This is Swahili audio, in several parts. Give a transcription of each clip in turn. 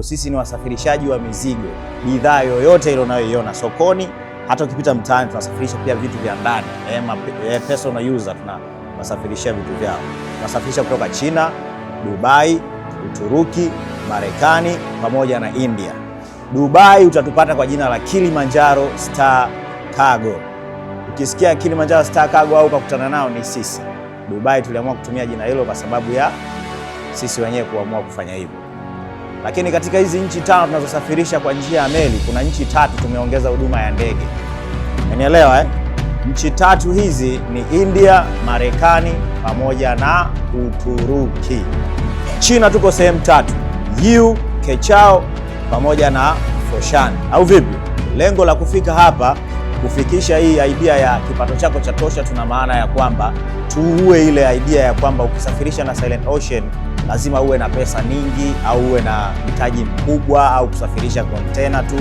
Sisi ni wasafirishaji wa mizigo, bidhaa yoyote ile unayoiona sokoni, hata ukipita mtaani, tunasafirisha pia vitu vya ndani eh, eh personal user tunawasafirishia vitu vyao. Tunasafirisha kutoka China, Dubai, Uturuki, Marekani pamoja na India. Dubai utatupata kwa jina la Kilimanjaro Star Cargo. Ukisikia Kilimanjaro Star Cargo au ukakutana nao, ni sisi. Dubai tuliamua kutumia jina hilo kwa sababu ya sisi wenyewe kuamua kufanya hivyo. Lakini katika hizi nchi tano tunazosafirisha kwa njia ya meli, kuna nchi tatu tumeongeza huduma ya ndege. Umenielewa eh? Nchi tatu hizi ni India, Marekani pamoja na Uturuki. China tuko sehemu tatu, Yiwu, Kechao pamoja na Foshan, au vipi? Lengo la kufika hapa kufikisha hii idea ya kipato chako cha tosha, tuna maana ya kwamba tuue ile idea ya kwamba ukisafirisha na Silent Ocean lazima uwe na pesa nyingi au uwe na mtaji mkubwa au kusafirisha container tu.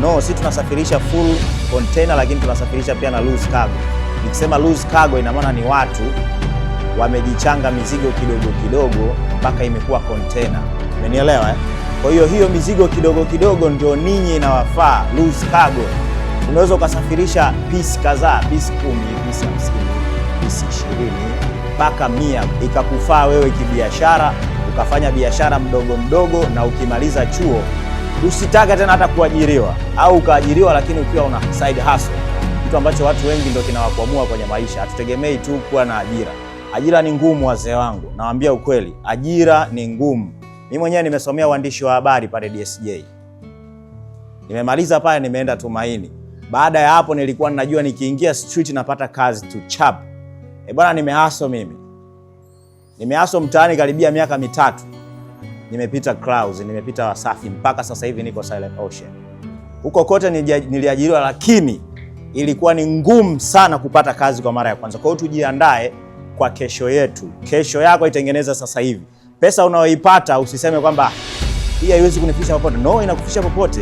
No, si tunasafirisha full container, lakini tunasafirisha pia na loose cargo. Nikisema loose cargo, ina maana ni watu wamejichanga mizigo kidogo kidogo mpaka imekuwa container. Umenielewa eh? Kwa hiyo hiyo mizigo kidogo kidogo ndio ninyi inawafaa loose cargo. Unaweza ukasafirisha piece kadhaa, piece kumi, piece hamsini, piece ishirini mpaka mia ikakufaa wewe kibiashara, ukafanya biashara mdogo mdogo, na ukimaliza chuo usitaka tena hata kuajiriwa au ukaajiriwa, lakini ukiwa una side hustle, kitu ambacho watu wengi ndio kinawakwamua kwenye maisha. Hatutegemei tu kuwa na ajira. Ajira ni ngumu, wazee wangu, nawaambia ukweli, ajira ni ngumu. Mi mwenyewe nimesomea uandishi wa habari pale DSJ, nimemaliza pale, nimeenda Tumaini. Baada ya hapo, nilikuwa ninajua nikiingia street napata kazi tu chap E bwana, nimehaso mimi, nimehaso mtaani karibia miaka mitatu, nimepita Clouds, nimepita Wasafi, mpaka sasa hivi niko Silent Ocean. Huko kote niliajiriwa, lakini ilikuwa ni ngumu sana kupata kazi kwa mara ya kwanza. Kwa hiyo tujiandae kwa kesho yetu. Kesho yako itengeneza sasa hivi. Pesa unayoipata usiseme kwamba hii haiwezi kunifikisha popote. No, inakufikisha popote.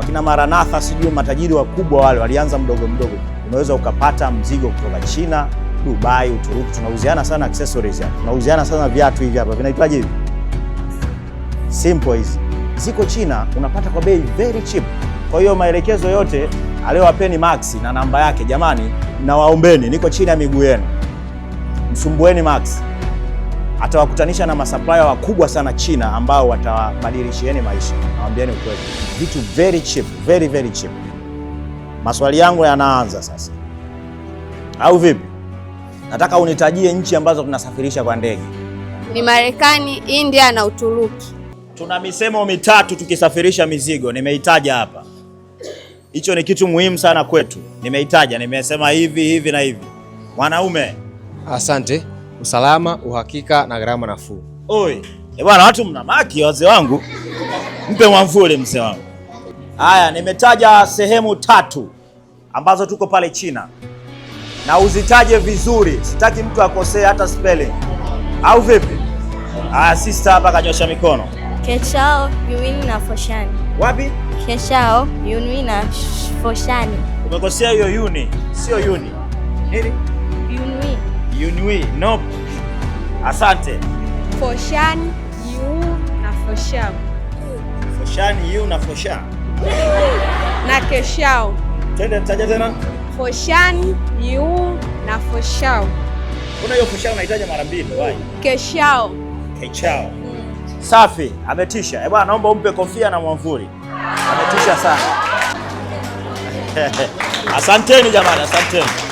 Wakina Maranatha, sijui matajiri wakubwa wale walianza mdogo mdogo. Unaweza ukapata mzigo kutoka China Dubai, Uturuki, tunauziana sana accessories hapa. Tunauziana sana viatu hivi hapa. Vinaitwaje hivi? Simple hizi. Ziko China unapata kwa bei very cheap. Kwa hiyo maelekezo yote aliyowapeni Max na namba yake, jamani, nawaombeni, niko chini ya miguu yenu, msumbueni Max. Atawakutanisha na masupplier wakubwa sana China ambao watawabadilishieni maisha. Nawaambieni ukweli, vitu very cheap, very very cheap. Maswali yangu yanaanza sasa, au vipi? Nataka unitajie nchi ambazo tunasafirisha kwa ndege. Ni Marekani, India na Uturuki. Tuna misemo mitatu tukisafirisha mizigo, nimeitaja hapa. Hicho ni kitu muhimu sana kwetu, nimeitaja, nimesema hivi hivi na hivi. Mwanaume, asante. Usalama, uhakika na gharama nafuu. Oi, e bwana, watu mna maki, wazee wangu, mpe mwamvuli mzee wangu. Haya, nimetaja sehemu tatu ambazo tuko pale China na uzitaje vizuri, sitaki mtu akosee hata spelling, au vipi? Ah, sister hapa kanyosha mikono. Keshao yuni na Foshani. Wapi? Keshao yuni na Foshani. Umekosea hiyo yuni, sio yuni. Nini? Yunwi. Yunwi. Nope. Asante. Foshani yu na Foshani. Foshani yu na Foshani. Na Keshao. Twende, mtaja tena. Foshan, Yu na Foshao. Kuna hiyo Foshao unahitaji mara mbili wai. Keshao. Keshao. Mm. Safi, ametisha. Eh, bwana naomba umpe kofia na mwamvuli. Ametisha sana. Asanteni jamani, asanteni.